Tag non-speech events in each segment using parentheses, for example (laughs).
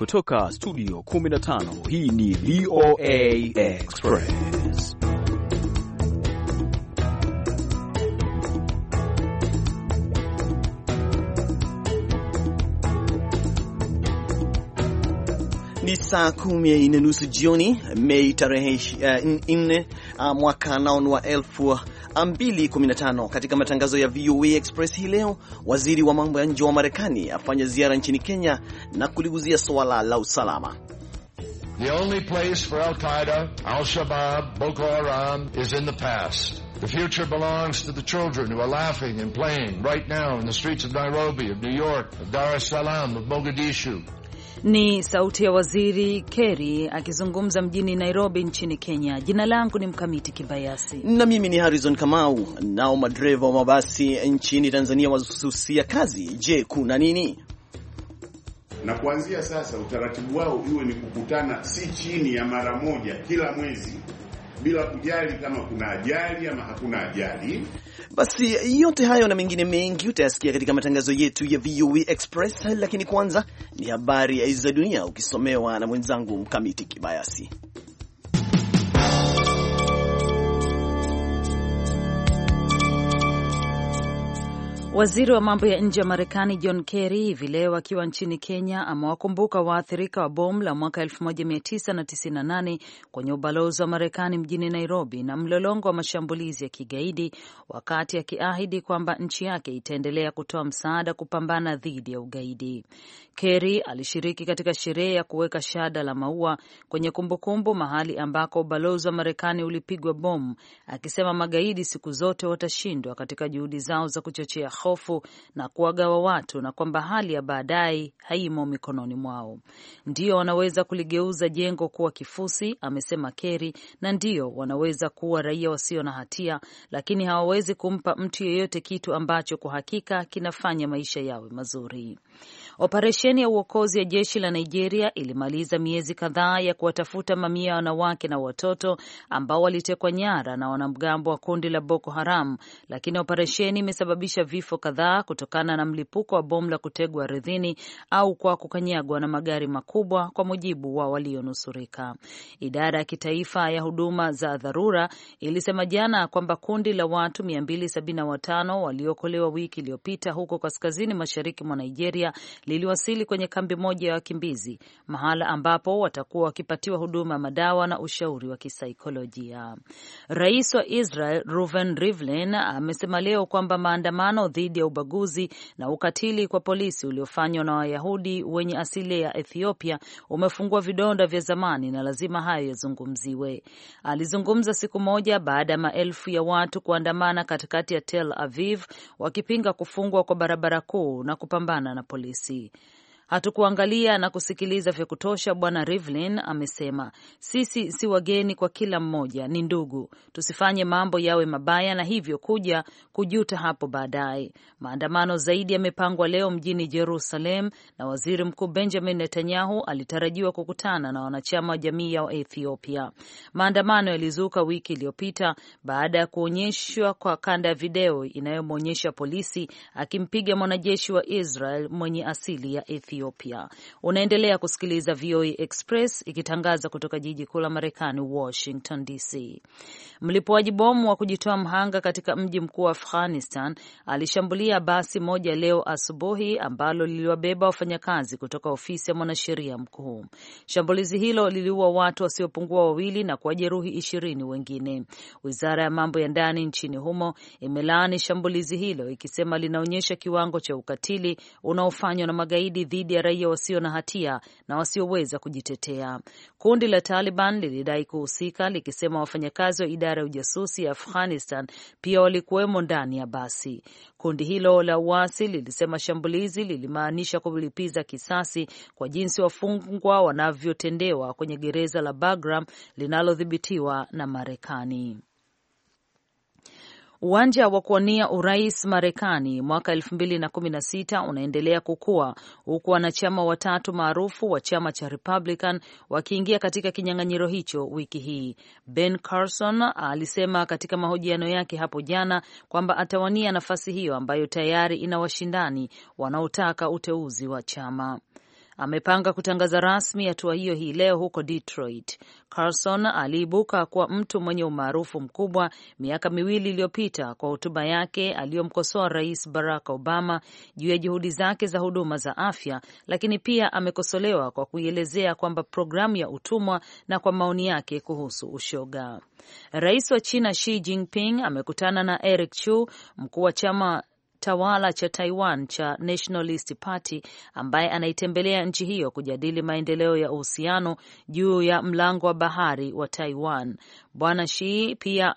Kutoka studio 15 hii ni VOA Express. Ni saa kumi na nusu jioni, Mei tarehe 4 eh, mwaka naonwa elfu 215 katika matangazo ya VOA Express hii leo, waziri wa mambo ya nje wa Marekani afanya ziara nchini Kenya na kuliguzia suala la usalama. The only place for Al-Qaeda, Al-Shabaab, Boko Haram is in the past. The future belongs to the children who are laughing and playing right now in the streets of Nairobi, of New York, of Dar es Salaam, of Mogadishu. Ni sauti ya waziri Kerry akizungumza mjini Nairobi nchini Kenya. Jina langu ni Mkamiti Kibayasi na mimi ni Harrison Kamau. Nao madereva wa mabasi nchini Tanzania wasusia kazi. Je, kuna nini? Na kuanzia sasa utaratibu wao iwe ni kukutana si chini ya mara moja kila mwezi bila kujali kama kuna ajali ama hakuna ajali, basi yote hayo na mengine mengi utayasikia katika matangazo yetu ya VOA e Express, lakini kwanza ni habari za dunia ukisomewa na mwenzangu Mkamiti Kibayasi. Waziri wa mambo ya nje ya Marekani John Kerry hivi leo akiwa nchini Kenya amewakumbuka waathirika wa bomu la mwaka 1998 kwenye ubalozi wa Marekani mjini Nairobi na mlolongo wa mashambulizi ya kigaidi, wakati akiahidi kwamba nchi yake itaendelea kutoa msaada kupambana dhidi ya ugaidi. Kerry alishiriki katika sherehe ya kuweka shada la maua kwenye kumbukumbu mahali ambako ubalozi wa Marekani ulipigwa bomu, akisema magaidi siku zote watashindwa katika juhudi zao za kuchochea hofu na kuwagawa watu na kwamba hali ya baadaye haimo mikononi mwao. Ndio wanaweza kuligeuza jengo kuwa kifusi, amesema keri na ndio wanaweza kuwa raia wasio na hatia, lakini hawawezi kumpa mtu yeyote kitu ambacho kwa hakika kinafanya maisha yawe mazuri. Operesheni ya uokozi ya jeshi la Nigeria ilimaliza miezi kadhaa ya kuwatafuta mamia ya wanawake na watoto ambao walitekwa nyara na wanamgambo wa kundi la Boko Haram, lakini operesheni imesababisha vifo kadhaa kutokana na mlipuko wa bomu la kutegwa ardhini au kwa kukanyagwa na magari makubwa, kwa mujibu wa walionusurika. Idara ya kitaifa ya huduma za dharura ilisema jana kwamba kundi la watu 275 waliokolewa wiki iliyopita huko kaskazini mashariki mwa Nigeria liliwasili kwenye kambi moja ya wakimbizi, mahala ambapo watakuwa wakipatiwa huduma ya madawa na ushauri wa kisaikolojia. Rais wa Israel Reuven Rivlin amesema leo kwamba maandamano dhidi ya ubaguzi na ukatili kwa polisi uliofanywa na Wayahudi wenye asili ya Ethiopia umefungua vidonda vya zamani na lazima hayo yazungumziwe. Alizungumza siku moja baada ya maelfu ya watu kuandamana katikati ya Tel Aviv wakipinga kufungwa kwa barabara kuu na kupambana na polisi polisi. Hatukuangalia na kusikiliza vya kutosha, Bwana Rivlin amesema. Sisi si wageni kwa kila mmoja, ni ndugu. Tusifanye mambo yawe mabaya na hivyo kuja kujuta hapo baadaye. Maandamano zaidi yamepangwa leo mjini Jerusalem, na waziri mkuu Benjamin Netanyahu alitarajiwa kukutana na wanachama wa jamii ya Ethiopia. Maandamano yalizuka wiki iliyopita baada ya kuonyeshwa kwa kanda ya video inayomwonyesha polisi akimpiga mwanajeshi wa Israel mwenye asili ya Ethiopia. Ethiopia. Unaendelea kusikiliza VOA e Express ikitangaza kutoka jiji kuu la Marekani, Washington DC. Mlipuaji bomu wa kujitoa mhanga katika mji mkuu wa Afghanistan alishambulia basi moja leo asubuhi ambalo liliwabeba wafanyakazi kutoka ofisi ya mwanasheria mkuu. Shambulizi hilo liliua watu wasiopungua wawili na kuwajeruhi ishirini wengine. Wizara ya mambo ya ndani nchini humo imelaani shambulizi hilo ikisema linaonyesha kiwango cha ukatili unaofanywa na magaidi dhidi dhidi ya raia wasio na hatia na wasioweza kujitetea. Kundi la Taliban lilidai kuhusika likisema wafanyakazi wa idara ya ujasusi ya Afghanistan pia walikuwemo ndani ya basi. Kundi hilo la uasi lilisema shambulizi lilimaanisha kulipiza kisasi kwa jinsi wafungwa wanavyotendewa kwenye gereza la Bagram linalodhibitiwa na Marekani. Uwanja wa kuwania urais Marekani mwaka sita unaendelea kukua huku wanachama watatu maarufu wa chama cha Republican wakiingia katika kinyang'anyiro hicho wiki hii. Ben Carson alisema katika mahojiano yake hapo jana kwamba atawania nafasi hiyo ambayo tayari ina washindani wanaotaka uteuzi wa chama amepanga kutangaza rasmi hatua hiyo hii leo huko Detroit. Carson aliibuka kuwa mtu mwenye umaarufu mkubwa miaka miwili iliyopita kwa hotuba yake aliyomkosoa Rais Barack Obama juu ya juhudi zake za huduma za afya, lakini pia amekosolewa kwa kuielezea kwamba programu ya utumwa na kwa maoni yake kuhusu ushoga. Rais wa China Xi Jinping amekutana na Eric Chu, mkuu wa chama tawala cha Taiwan cha Nationalist Party ambaye anaitembelea nchi hiyo kujadili maendeleo ya uhusiano juu ya mlango wa bahari wa Taiwan. Bwana Shi pia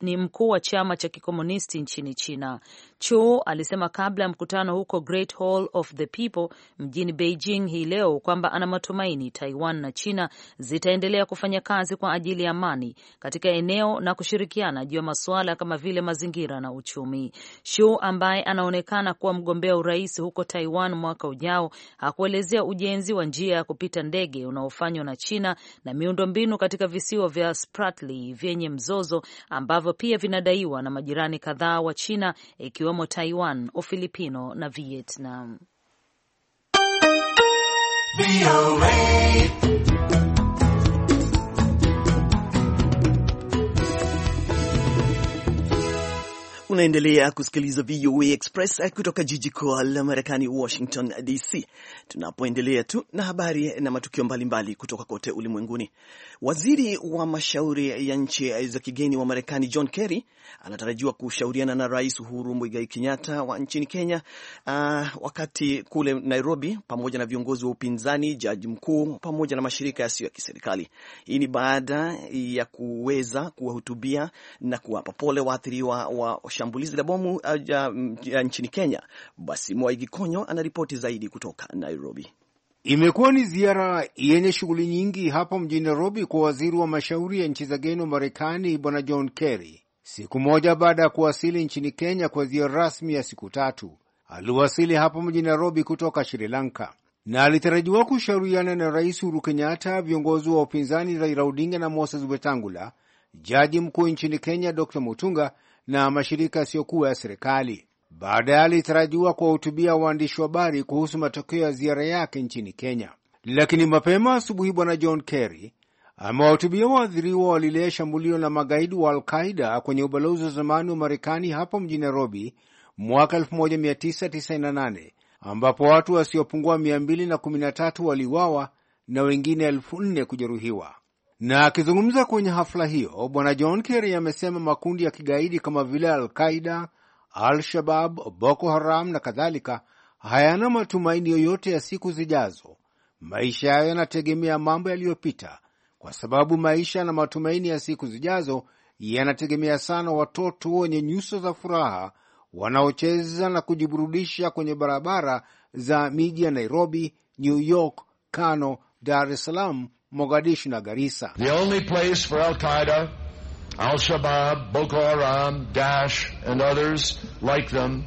ni mkuu wa chama cha kikomunisti nchini China. Chu alisema kabla ya mkutano huko Great Hall of the People mjini Beijing hii leo kwamba ana matumaini Taiwan na China zitaendelea kufanya kazi kwa ajili ya amani katika eneo na kushirikiana juu ya masuala kama vile mazingira na uchumi. Chu ambaye anaonekana kuwa mgombea urais huko Taiwan mwaka ujao hakuelezea ujenzi wa njia ya kupita ndege unaofanywa na China na miundombinu katika visiwa vya Spratly vyenye mzozo ambavyo pia vinadaiwa na majirani kadhaa wa China ikiwa ikiwemo Taiwan, Ufilipino na Vietnam. Unaendelea kusikiliza VOA Express kutoka jiji kuu la Marekani, Washington DC, tunapoendelea tu na habari na matukio mbalimbali mbali kutoka kote ulimwenguni. Waziri wa mashauri ya nchi za kigeni wa Marekani John Kerry anatarajiwa kushauriana na Rais Uhuru Muigai Kenyatta wa nchini Kenya uh, wakati kule Nairobi, pamoja na viongozi wa upinzani, jaji mkuu, pamoja na mashirika yasiyo ya kiserikali. Hii ni baada ya kuweza kuwahutubia na kuwapa pole waathiriwa wa shambulizi la bomu uh, nchini Kenya. Basi Mwaigi Konyo anaripoti zaidi kutoka Nairobi. Imekuwa ni ziara yenye shughuli nyingi hapo mjini Nairobi kwa waziri wa mashauri ya nchi za geni wa Marekani Bwana John Kerry, siku moja baada ya kuwasili nchini Kenya kwa ziara rasmi ya siku tatu. Aliwasili hapo mjini Nairobi kutoka Sri Lanka na alitarajiwa kushauriana na Rais Uhuru Kenyatta, viongozi wa upinzani Raila Odinga na Moses Wetangula, jaji mkuu nchini Kenya Dr Mutunga na mashirika yasiyokuwa ya serikali. Baadaye alitarajiwa kuwahutubia waandishi wa habari kuhusu matokeo ya ziara yake nchini Kenya, lakini mapema asubuhi bwana John Kerry amewahutubia waathiriwa wa lile shambulio la magaidi wa Alqaida kwenye ubalozi wa zamani wa Marekani hapo mjini Nairobi mwaka 1998 ambapo watu wasiopungua 213 waliuawa na wengine 4 kujeruhiwa. Na akizungumza kwenye hafla hiyo, Bwana John Kerry amesema makundi ya kigaidi kama vile Al-Qaida, Al-Shabab, Boko Haram na kadhalika hayana matumaini yoyote ya siku zijazo. Maisha yayo yanategemea mambo yaliyopita, kwa sababu maisha na matumaini ya siku zijazo yanategemea sana watoto wenye nyuso za furaha wanaocheza na kujiburudisha kwenye barabara za miji ya Nairobi, New York, Kano, Dar es Salaam Mogadishu na Garissa. The only place for Al Qaeda, Al Shabaab, Boko Haram, Daesh, and others like them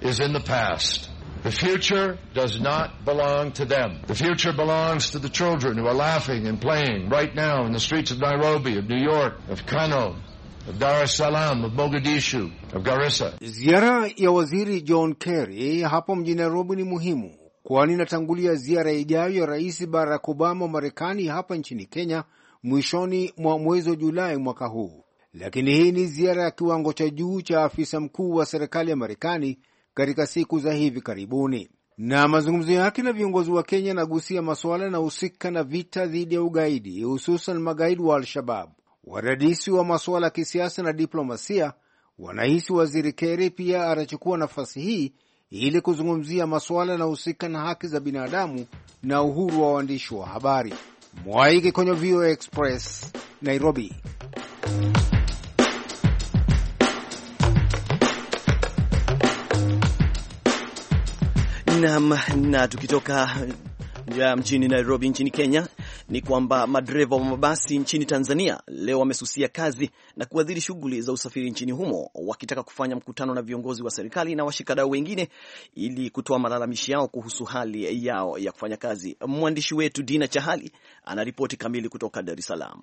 is in the past. The future does not belong to them. The future belongs to the children who are laughing and playing right now in the streets of Nairobi, of New York, of Kano, of Dar es Salaam, of Mogadishu, of Garissa. Ziara ya Waziri John Kerry hapo mjini Nairobi ni muhimu kwani inatangulia ziara ijayo ya Rais Barack Obama wa Marekani hapa nchini Kenya mwishoni mwa mwezi wa Julai mwaka huu. Lakini hii ni ziara ya kiwango cha juu cha afisa mkuu wa serikali ya Marekani katika siku za hivi karibuni, na mazungumzo yake na viongozi wa Kenya yanagusia masuala yanahusika na vita dhidi ya ugaidi, hususan magaidi wa Al-Shabab. Wadadisi wa masuala ya kisiasa na diplomasia wanahisi Waziri Keri pia atachukua nafasi hii ili kuzungumzia masuala yanayohusika na haki za binadamu na uhuru wa waandishi wa habari. Mwaiki kwenye VOA Express Nairobi. nam na tukitoka ya eh, mjini Nairobi nchini Kenya ni kwamba madereva wa mabasi nchini Tanzania leo wamesusia kazi na kuadhiri shughuli za usafiri nchini humo, wakitaka kufanya mkutano na viongozi wa serikali na washikadau wengine ili kutoa malalamishi yao kuhusu hali yao ya kufanya kazi. Mwandishi wetu Dina Chahali anaripoti kamili kutoka Dar es Salaam.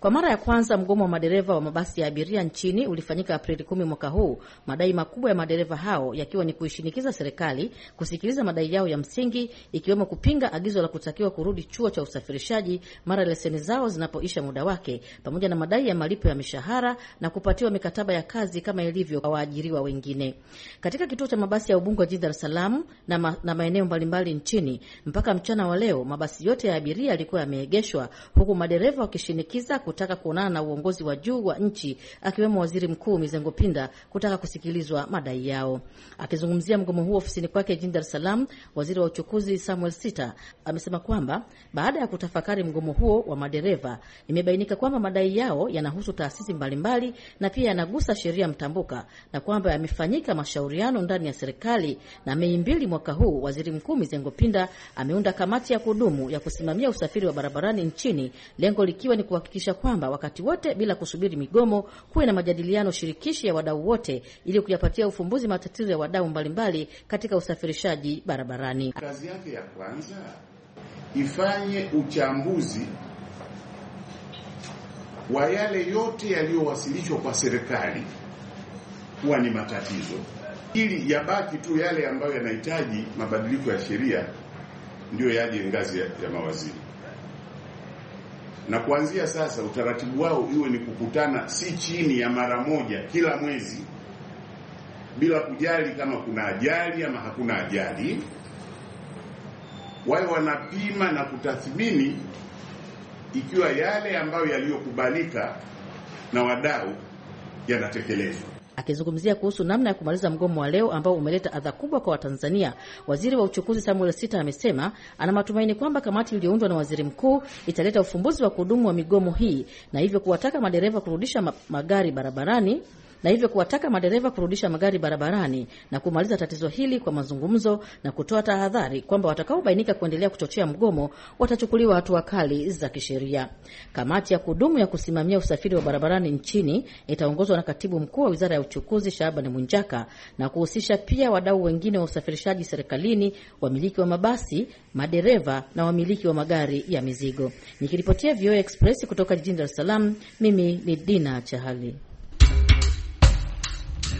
Kwa mara ya kwanza mgomo wa madereva wa mabasi ya abiria nchini ulifanyika Aprili kumi mwaka huu, madai makubwa ya madereva hao yakiwa ni kuishinikiza serikali kusikiliza madai yao ya msingi, ikiwemo kupinga agizo la kutakiwa kurudi chuo cha usafirishaji mara leseni zao zinapoisha muda wake, pamoja na madai ya malipo ya mishahara na kupatiwa mikataba ya kazi kama ilivyo kwa waajiriwa wengine. Katika kituo cha mabasi ya Ubungo jijini Dar es Salaam na, ma na maeneo mbalimbali nchini, mpaka mchana wa leo mabasi yote ya abiria yalikuwa yameegeshwa, huku madereva wakishinikiza Pinda kutaka kuonana na uongozi wa juu wa nchi akiwemo Waziri Mkuu Mizengo Pinda kutaka kusikilizwa madai yao. Akizungumzia mgomo huo ofisini kwake jijini Dar es Salaam, waziri wa uchukuzi Samuel Sita amesema kwamba baada ya kutafakari mgomo huo wa madereva, imebainika kwamba madai yao yanahusu taasisi mbalimbali na pia yanagusa sheria mtambuka na kwamba yamefanyika mashauriano ndani ya serikali, na Mei mbili mwaka huu waziri mkuu Mizengo Pinda ameunda kamati ya kudumu ya kusimamia usafiri wa barabarani nchini, lengo likiwa ni kuhakikisha kuhakikisha kwamba wakati wote bila kusubiri migomo, kuwe na majadiliano shirikishi ya wadau wote ili kuyapatia ufumbuzi matatizo ya wadau mbalimbali katika usafirishaji barabarani. Kazi yake ya kwanza ifanye uchambuzi wa yale yote yaliyowasilishwa kwa serikali kuwa ni matatizo, ili yabaki tu yale ambayo yanahitaji mabadiliko ya sheria, ndiyo yaje ngazi ya, ya mawaziri na kuanzia sasa utaratibu wao iwe ni kukutana si chini ya mara moja kila mwezi, bila kujali kama kuna ajali ama hakuna ajali. Wawe wanapima na kutathmini ikiwa yale ambayo yaliyokubalika na wadau yanatekelezwa. Akizungumzia kuhusu namna ya kumaliza mgomo wa leo ambao umeleta adha kubwa kwa Watanzania, waziri wa uchukuzi Samuel Sita amesema ana matumaini kwamba kamati iliyoundwa na waziri mkuu italeta ufumbuzi wa kudumu wa migomo hii na hivyo kuwataka madereva kurudisha magari barabarani na hivyo kuwataka madereva kurudisha magari barabarani na kumaliza tatizo hili kwa mazungumzo na kutoa tahadhari kwamba watakaobainika kuendelea kuchochea mgomo watachukuliwa hatua kali za kisheria. Kamati ya kudumu ya kusimamia usafiri wa barabarani nchini itaongozwa na katibu mkuu wa wizara ya uchukuzi Shabani Munjaka na kuhusisha pia wadau wengine wa usafirishaji serikalini, wamiliki wa mabasi, madereva na wamiliki wa magari ya mizigo. Nikiripotia VOA Express kutoka jijini Dar es Salaam, mimi ni Dina Chahali.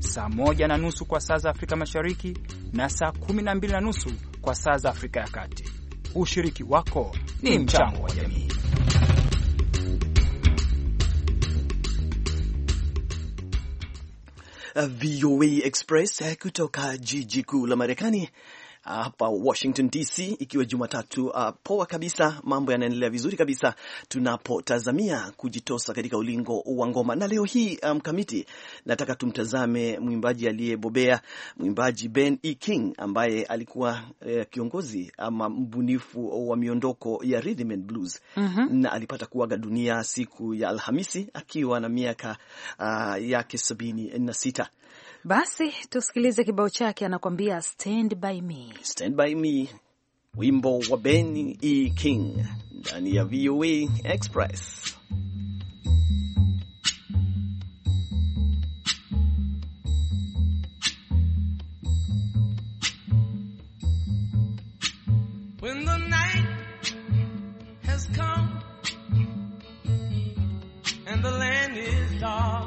saa moja na nusu kwa saa za Afrika Mashariki na saa kumi na mbili na nusu kwa saa za Afrika ya Kati. Ushiriki wako ni mchango wa jamii. Uh, VOA Express eh, kutoka jiji kuu la Marekani hapa Washington DC, ikiwa Jumatatu uh, poa kabisa, mambo yanaendelea vizuri kabisa, tunapotazamia kujitosa katika ulingo wa ngoma. Na leo hii uh, mkamiti, um, nataka tumtazame mwimbaji aliyebobea, mwimbaji Ben E. King ambaye alikuwa uh, kiongozi ama mbunifu wa miondoko ya rhythm and blues mm -hmm. na alipata kuaga dunia siku ya Alhamisi akiwa na miaka uh, yake sabini na sita. Basi tusikilize kibao chake, anakuambia Stand by me. Stand by me, wimbo wa Ben E King ndani ya VOA Express. When the night has come and the land is dark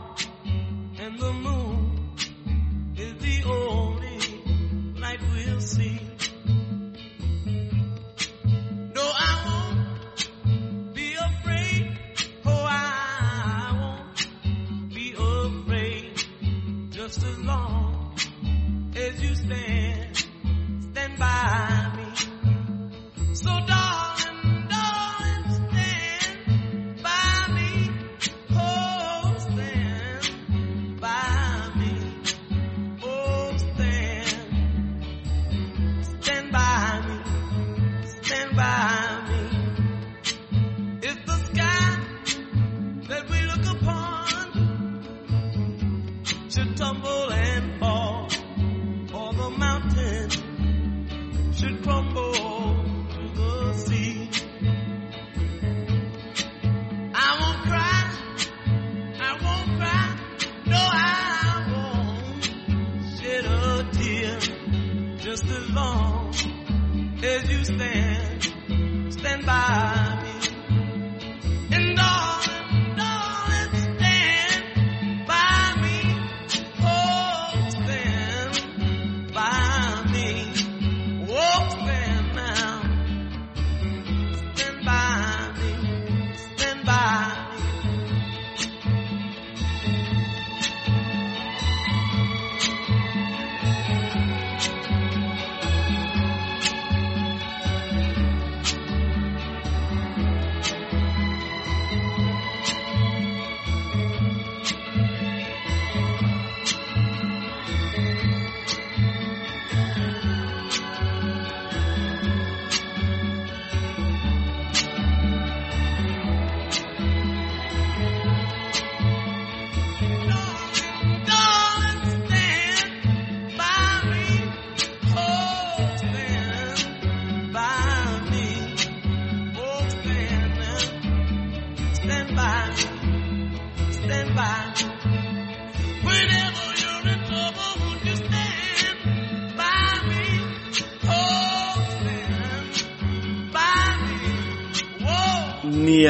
should crumble.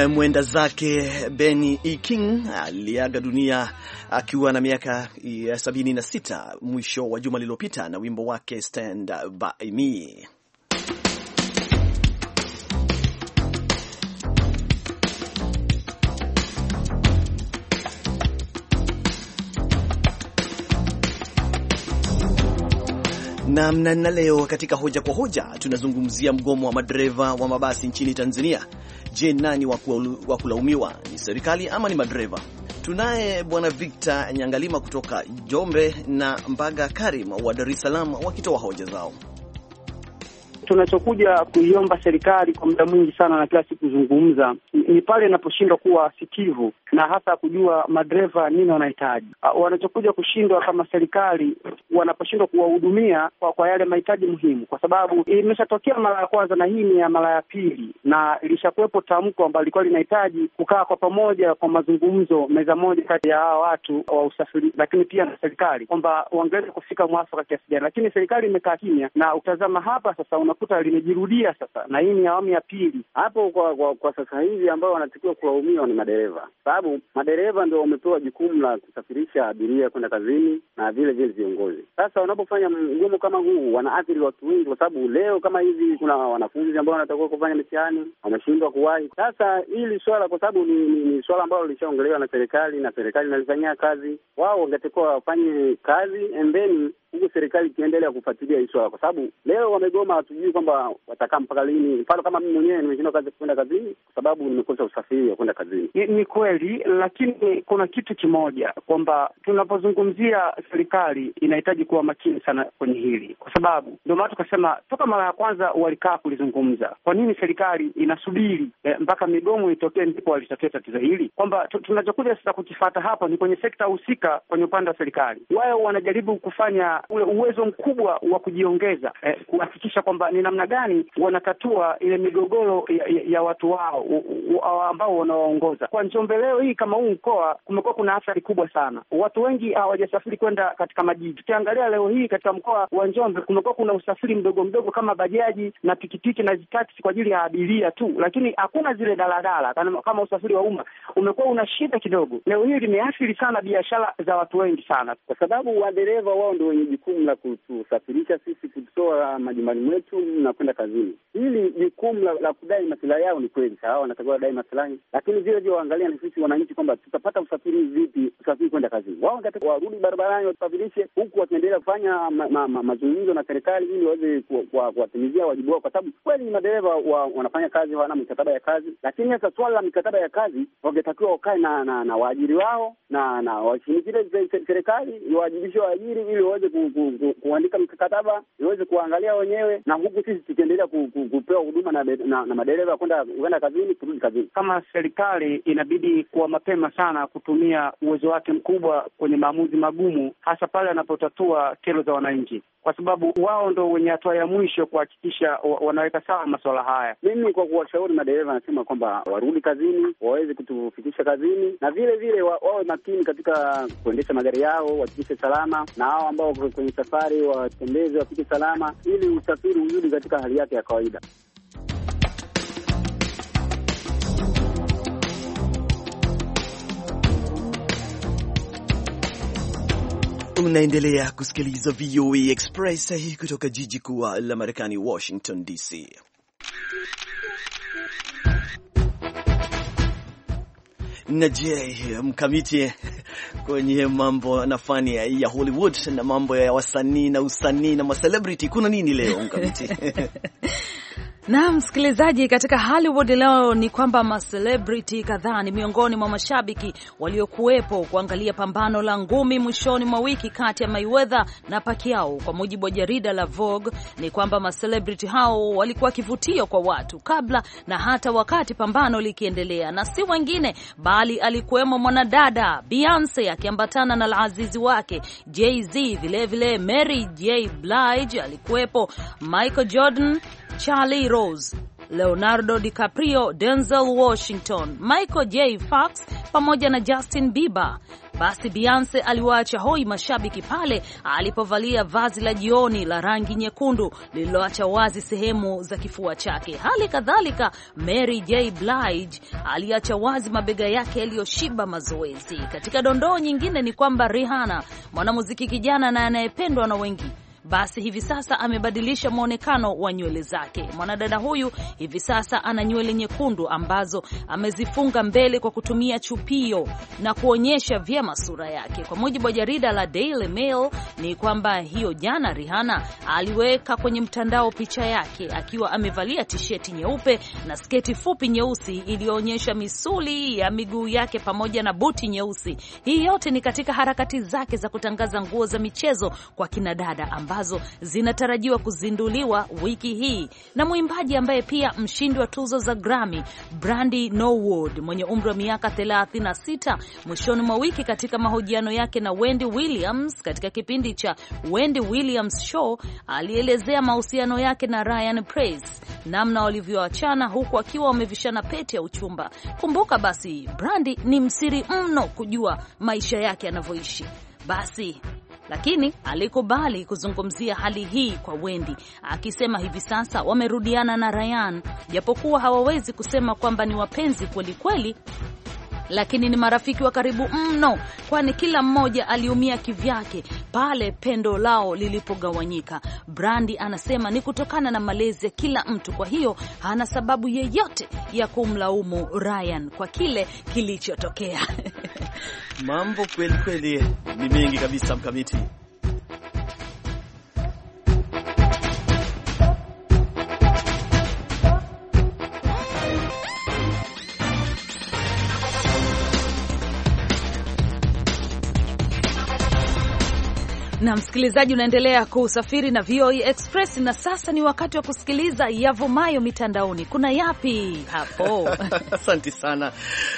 mwenda zake Benny E. King aliaga dunia akiwa na miaka 76 mwisho wa juma lililopita na wimbo wake Stand By Me. Namna na leo katika hoja kwa hoja tunazungumzia mgomo wa madereva wa mabasi nchini Tanzania Je, nani wa kulaumiwa? Ni serikali ama ni madereva? Tunaye bwana Victor Nyangalima kutoka Jombe na Mbaga Karim wa Dar es Salaam wakitoa hoja zao tunachokuja kuiomba serikali kwa muda mwingi sana na kila siku kuzungumza ni pale inaposhindwa kuwa sikivu na hasa kujua madereva nini wanahitaji. Ah, wanachokuja kushindwa kama serikali wanaposhindwa kuwahudumia kwa, kwa yale mahitaji muhimu, kwa sababu imeshatokea mara ya kwanza na hii ni ya mara ya pili, na ilishakuwepo tamko ambalo lilikuwa linahitaji kukaa kwa pamoja kwa mazungumzo, meza moja kati ya hawa watu wa usafiri, lakini pia na serikali kwamba wangeweza kufika mwafaka kiasi gani, lakini serikali imekaa kimya, na utazama hapa sasa una unakuta limejirudia sasa, na hii ni awamu ya pili hapo. Kwa, kwa, kwa sasa hivi ambao wanatakiwa kulaumiwa ni madereva, sababu madereva ndio wamepewa jukumu la kusafirisha abiria kwenda kazini na vile vile viongozi. Sasa wanapofanya mgomo kama huu, wanaathiri watu wengi, kwa sababu leo kama hivi kuna wanafunzi ambao wanatakiwa kufanya mitihani wameshindwa kuwahi. Sasa hili swala, kwa sababu ni, ni, ni swala ambalo lishaongelewa na serikali na serikali inalifanyia kazi, wao wangetakiwa wafanye kazi embeni huku serikali ikiendelea kufuatilia hii swala, kwa sababu leo wamegoma, hatujui kwamba watakaa mpaka lini. Mfano kama mimi mwenyewe nimeshindwa kazi kwenda kazini kwa sababu nimekosa usafiri wa kwenda kazini. Ni, ni kweli, lakini kuna kitu kimoja kwamba tunapozungumzia serikali inahitaji kuwa makini sana kwenye hili, kwa sababu ndio maana tukasema toka mara ya kwanza walikaa kulizungumza. Kwa nini serikali inasubiri eh, mpaka migomo itokee ndipo walitatua tatizo hili? Kwamba tunachokuja sasa kukifata hapa ni kwenye sekta husika, kwenye upande wa serikali, wao wanajaribu kufanya ule uwezo mkubwa wa kujiongeza eh, kuhakikisha kwamba ni namna gani wanatatua ile migogoro ya, ya, ya watu wao ambao wanawaongoza. Kwa Njombe leo hii kama huu mkoa kumekuwa kuna athari kubwa sana, watu wengi hawajasafiri kwenda katika majiji. Tukiangalia leo hii katika mkoa wa Njombe kumekuwa kuna usafiri mdogo mdogo kama bajaji na pikipiki na zitaksi kwa ajili ya abiria tu, lakini hakuna zile daladala kama usafiri wa umma umekuwa una shida kidogo. Leo hii limeathiri sana biashara za watu wengi sana, kwa sababu wadereva wao ndio wenye jukumu la kutusafirisha sisi kutoa majumbani mwetu na kwenda kazini. Hili jukumu la, la kudai masilahi yao ni kweli sawa, wanatakiwa wadai masilahi, lakini vile vile waangalia na sisi wananchi kwamba tutapata usafiri vipi, usafiri kwenda kazini. Wao warudi barabarani watusafirishe, huku wakiendelea kufanya mazungumzo na serikali ili waweze kuwatimizia wajibu wao, kwa sababu kweli madereva wanafanya kazi, hawana mikataba ya kazi. Lakini sasa swala la mikataba ya kazi wangetakiwa wakae na waajiri wao na na washinikize serikali iwaajibishe waajiri ili waweze ku, ku, kuandika mkataba iweze kuangalia wenyewe, na huku sisi tukiendelea ku, ku, kupewa huduma na, na, na madereva kwenda kwenda kazini kurudi kazini. Kama serikali inabidi kuwa mapema sana kutumia uwezo wake mkubwa kwenye maamuzi magumu, hasa pale anapotatua kero za wananchi, kwa sababu wao ndo wenye hatua ya mwisho kuhakikisha wanaweka sawa masuala haya. Mimi kwa kuwashauri madereva nasema kwamba warudi kazini, waweze kutufikisha kazini, na vile vile wawe makini katika kuendesha magari yao, wahakikishe salama, na hao ambao kwenye safari, watembezi wafike salama, ili usafiri urudi katika hali yake ya kawaida. Unaendelea kusikiliza VOA Express kutoka jiji kuu la Marekani, Washington DC. na je mkamiti kwenye mambo na fani ya Hollywood na mambo ya wasanii na usanii na macelebrity kuna nini leo mkamiti? (laughs) Na msikilizaji, katika Hollywood leo ni kwamba macelebrity kadhaa ni miongoni mwa mashabiki waliokuwepo kuangalia pambano la ngumi mwishoni mwa wiki kati ya Mayweather na Pacquiao. Kwa mujibu wa jarida la Vogue, ni kwamba macelebrity hao walikuwa kivutio kwa watu kabla na hata wakati pambano likiendelea, na si wengine bali alikuwemo mwanadada Beyonce akiambatana na lazizi wake Jay-Z, vilevile Mary J Blige alikuwepo, Michael Jordan Charlie Rose, Leonardo DiCaprio, Denzel Washington, Michael J. Fox pamoja na Justin Bieber. Basi Beyonce aliwaacha hoi mashabiki pale alipovalia vazi la jioni la rangi nyekundu lililoacha wazi sehemu za kifua chake. Hali kadhalika Mary J Blige aliacha wazi mabega yake yaliyoshiba mazoezi. Katika dondoo nyingine ni kwamba Rihanna, mwanamuziki kijana na anayependwa na wengi, basi hivi sasa amebadilisha mwonekano wa nywele zake. Mwanadada huyu hivi sasa ana nywele nyekundu ambazo amezifunga mbele kwa kutumia chupio na kuonyesha vyema sura yake. Kwa mujibu wa jarida la Daily Mail ni kwamba hiyo jana Rihanna aliweka kwenye mtandao picha yake akiwa amevalia tisheti nyeupe na sketi fupi nyeusi iliyoonyesha misuli ya miguu yake pamoja na buti nyeusi. Hii yote ni katika harakati zake za kutangaza nguo za michezo kwa kinadada ambazo zinatarajiwa kuzinduliwa wiki hii na mwimbaji ambaye pia mshindi wa tuzo za Grammy Brandy Norwood mwenye umri wa miaka 36 mwishoni mwa wiki, katika mahojiano yake na Wendy Williams katika kipindi cha Wendy Williams Show, alielezea mahusiano yake na Ryan Price, namna walivyoachana huku akiwa wamevishana pete ya uchumba. Kumbuka basi Brandy ni msiri mno kujua maisha yake yanavyoishi. Basi lakini alikubali kuzungumzia hali hii kwa Wendi akisema hivi sasa wamerudiana na Ryan, japokuwa hawawezi kusema kwamba ni wapenzi kweli kweli lakini ni marafiki wa karibu mno, kwani kila mmoja aliumia kivyake pale pendo lao lilipogawanyika. Brandi anasema ni kutokana na malezi ya kila mtu, kwa hiyo hana sababu yeyote ya kumlaumu Ryan kwa kile kilichotokea. (laughs) Mambo kweli kweli ni mengi kabisa mkamiti. na msikilizaji, unaendelea kusafiri na VOA e Express na sasa ni wakati wa kusikiliza yavumayo mitandaoni. Kuna yapi hapo? (laughs) Asante sana.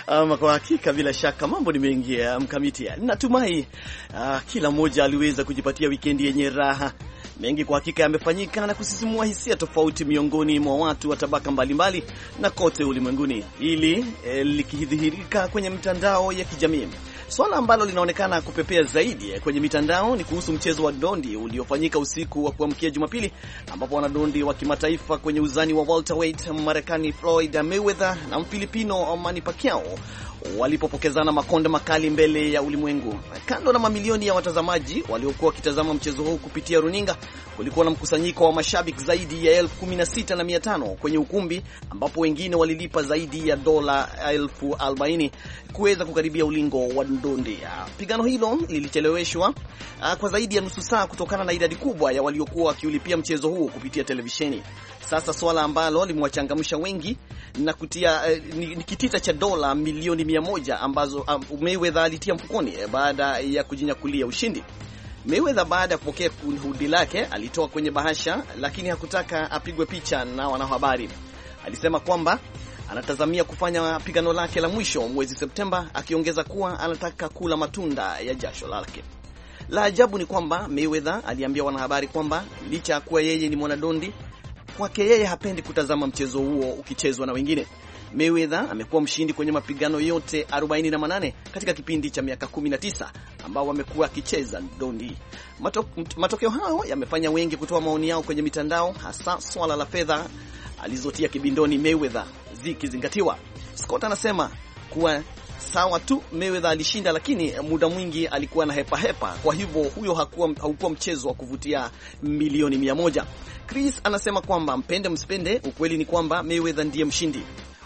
Um, kwa hakika bila shaka mambo ni mengi ya um, mkamiti. Natumai uh, kila mmoja aliweza kujipatia wikendi yenye raha. Mengi kwa hakika yamefanyika na kusisimua hisia tofauti miongoni mwa watu wa tabaka mbalimbali na kote ulimwenguni, hili eh, likidhihirika kwenye mitandao ya kijamii. Swala ambalo linaonekana kupepea zaidi kwenye mitandao ni kuhusu mchezo wa dondi uliofanyika usiku wa kuamkia Jumapili, ambapo wanadondi wa kimataifa kwenye uzani wa welterweight Marekani Floyd Mayweather na Mfilipino Manny Pacquiao walipopokezana makonde makali mbele ya ulimwengu. Kando na mamilioni ya watazamaji waliokuwa wakitazama mchezo huu kupitia runinga, kulikuwa na mkusanyiko wa mashabiki zaidi ya elfu kumi na sita na mia tano kwenye ukumbi, ambapo wengine walilipa zaidi ya dola elfu arobaini kuweza kukaribia ulingo wa ndondi. Pigano hilo lilicheleweshwa ah, kwa zaidi ya nusu saa kutokana na idadi kubwa ya waliokuwa wakiulipia mchezo huo kupitia televisheni. Sasa swala ambalo limewachangamsha wengi na kutia eh, ni kitita cha dola milioni mia moja ambazo um, Mayweather alitia mfukoni eh, baada ya kujinyakulia ushindi. Mayweather baada ya kupokea hudi lake alitoa kwenye bahasha, lakini hakutaka apigwe picha na wanahabari. Alisema kwamba anatazamia kufanya pigano lake la mwisho mwezi Septemba, akiongeza kuwa anataka kula matunda ya jasho lake. La ajabu ni kwamba Mayweather aliambia wanahabari kwamba licha ya kuwa yeye ni mwanadondi, kwake yeye hapendi kutazama mchezo huo ukichezwa na wengine. Mayweather amekuwa mshindi kwenye mapigano yote 48 katika kipindi cha miaka 19 ambao amekuwa akicheza ndondi. Mato, matokeo hayo yamefanya wengi kutoa maoni yao kwenye mitandao, hasa swala la fedha alizotia kibindoni Mayweather zikizingatiwa. Scott anasema kuwa sawa tu, Mayweather alishinda, lakini muda mwingi alikuwa na hepa hepa, kwa hivyo huyo hakuwa, haukuwa mchezo wa kuvutia milioni mia moja. Chris anasema kwamba mpende msipende, ukweli ni kwamba Mayweather ndiye mshindi.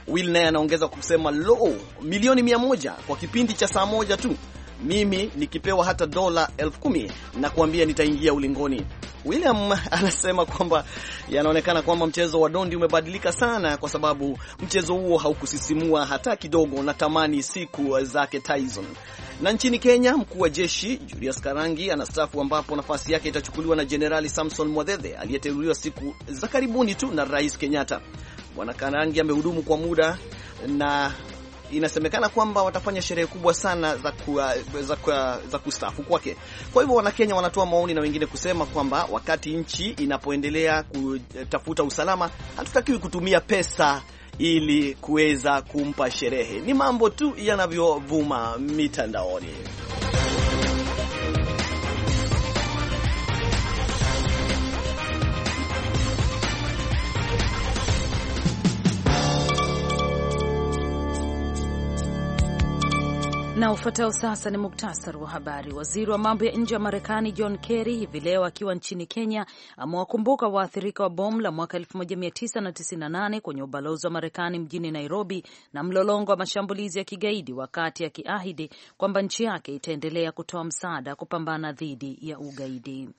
Will naye anaongeza kusema lo, milioni mia moja kwa kipindi cha saa moja tu. Mimi nikipewa hata dola elfu kumi na kuambia nitaingia ulingoni. William (laughs) anasema kwamba yanaonekana kwamba mchezo wa dondi umebadilika sana, kwa sababu mchezo huo haukusisimua hata kidogo, na tamani siku zake Tyson. Na nchini Kenya, mkuu wa jeshi Julius Karangi anastaafu, ambapo nafasi yake itachukuliwa na Jenerali Samson mwadhedhe aliyeteuliwa siku za karibuni tu na Rais Kenyatta. Bwana Karangi amehudumu kwa muda na inasemekana kwamba watafanya sherehe kubwa sana za, kuwa, za, kuwa, za kustafu kwake. Kwa hivyo Wanakenya wanatoa maoni na wengine kusema kwamba wakati nchi inapoendelea kutafuta usalama, hatutakiwi kutumia pesa ili kuweza kumpa sherehe. Ni mambo tu yanavyovuma mitandaoni. Na ufuatao sasa ni muktasari wa habari. Waziri wa mambo ya nje wa Marekani John Kerry hivi leo akiwa nchini Kenya amewakumbuka waathirika wa bomu la mwaka 1998 kwenye ubalozi wa Marekani mjini Nairobi na mlolongo wa mashambulizi ya kigaidi, wakati akiahidi kwamba nchi yake itaendelea kutoa msaada kupambana dhidi ya ugaidi.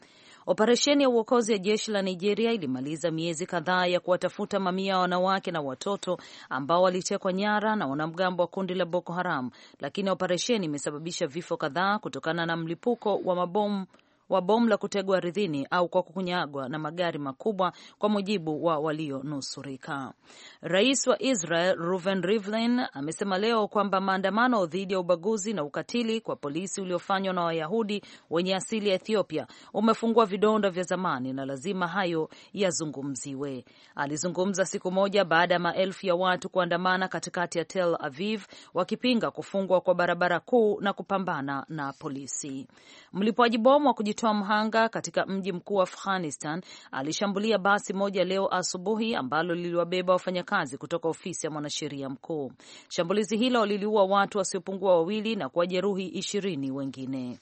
Operesheni ya uokozi ya jeshi la Nigeria ilimaliza miezi kadhaa ya kuwatafuta mamia ya wanawake na watoto ambao walitekwa nyara na wanamgambo wa kundi la Boko Haram, lakini operesheni imesababisha vifo kadhaa kutokana na mlipuko wa mabomu wa bomu la kutegwa ardhini au kwa kukunyagwa na magari makubwa, kwa mujibu wa walionusurika. Rais wa Israel Reuven Rivlin amesema leo kwamba maandamano dhidi ya ubaguzi na ukatili kwa polisi uliofanywa na Wayahudi wenye asili ya Ethiopia umefungua vidonda vya zamani na lazima hayo yazungumziwe. Alizungumza siku moja baada ya maelfu ya watu kuandamana katikati ya Tel Aviv wakipinga kufungwa kwa barabara kuu na kupambana na polisi. Mlipuaji bomu wa kujitoa mhanga katika mji mkuu wa Afghanistan alishambulia basi moja leo asubuhi ambalo liliwabeba wafanyakazi kutoka ofisi ya mwanasheria mkuu. Shambulizi hilo liliua watu wasiopungua wawili na kuwajeruhi ishirini wengine.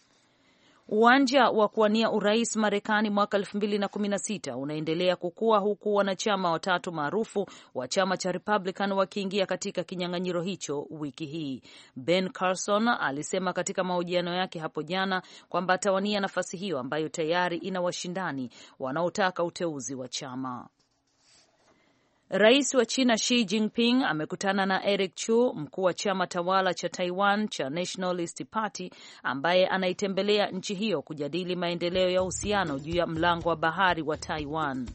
Uwanja wa kuwania urais Marekani mwaka 2016 unaendelea kukua huku wanachama watatu maarufu wa chama cha Republican wakiingia katika kinyang'anyiro hicho wiki hii. Ben Carson alisema katika mahojiano yake hapo jana kwamba atawania nafasi hiyo ambayo tayari ina washindani wanaotaka uteuzi wa chama. Rais wa China Xi Jinping amekutana na Eric Chu, mkuu wa chama tawala cha Taiwan cha Nationalist Party, ambaye anaitembelea nchi hiyo kujadili maendeleo ya uhusiano juu ya mlango wa bahari wa Taiwan.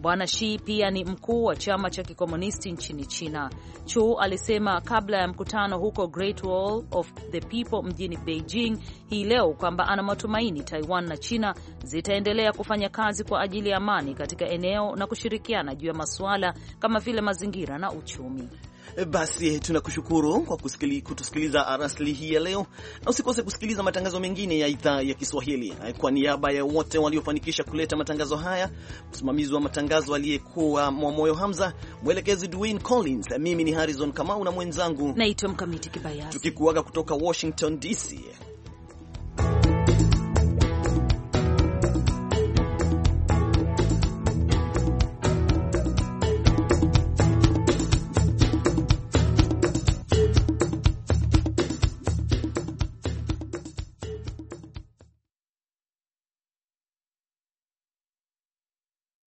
Bwana Shi pia ni mkuu wa chama cha kikomunisti nchini China. Chu alisema kabla ya mkutano huko Great Wall of the People mjini Beijing hii leo kwamba ana matumaini Taiwan na China zitaendelea kufanya kazi kwa ajili ya amani katika eneo na kushirikiana juu ya masuala kama vile mazingira na uchumi. Eh, basi tunakushukuru kwa kusikili, kutusikiliza rasli hii ya leo, na usikose kusikiliza matangazo mengine ya idhaa ya Kiswahili. Eh, kwa niaba ya wote waliofanikisha kuleta matangazo haya, msimamizi wa matangazo aliyekuwa Mwamoyo Hamza, mwelekezi Dwayne Collins, mimi ni Harrison Kamau na mwenzangu naitwa Mkamiti Kibayasi, tukikuaga kutoka Washington DC.